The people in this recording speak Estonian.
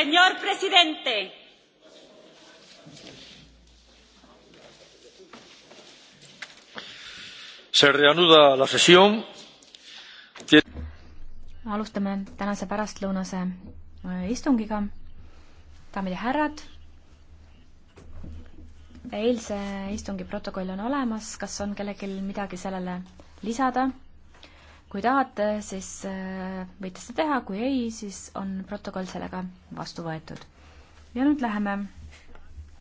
Señor presidente. Se reanuda la sesión. alustame tänase pärastlõunase äh, istungiga. daamid ja härrad. eilse istungi protokoll on olemas, kas on kellelgi midagi sellele lisada? kui tahate, siis äh, võite seda teha, kui ei, siis on protokoll sellega vastu võetud. ja nüüd läheme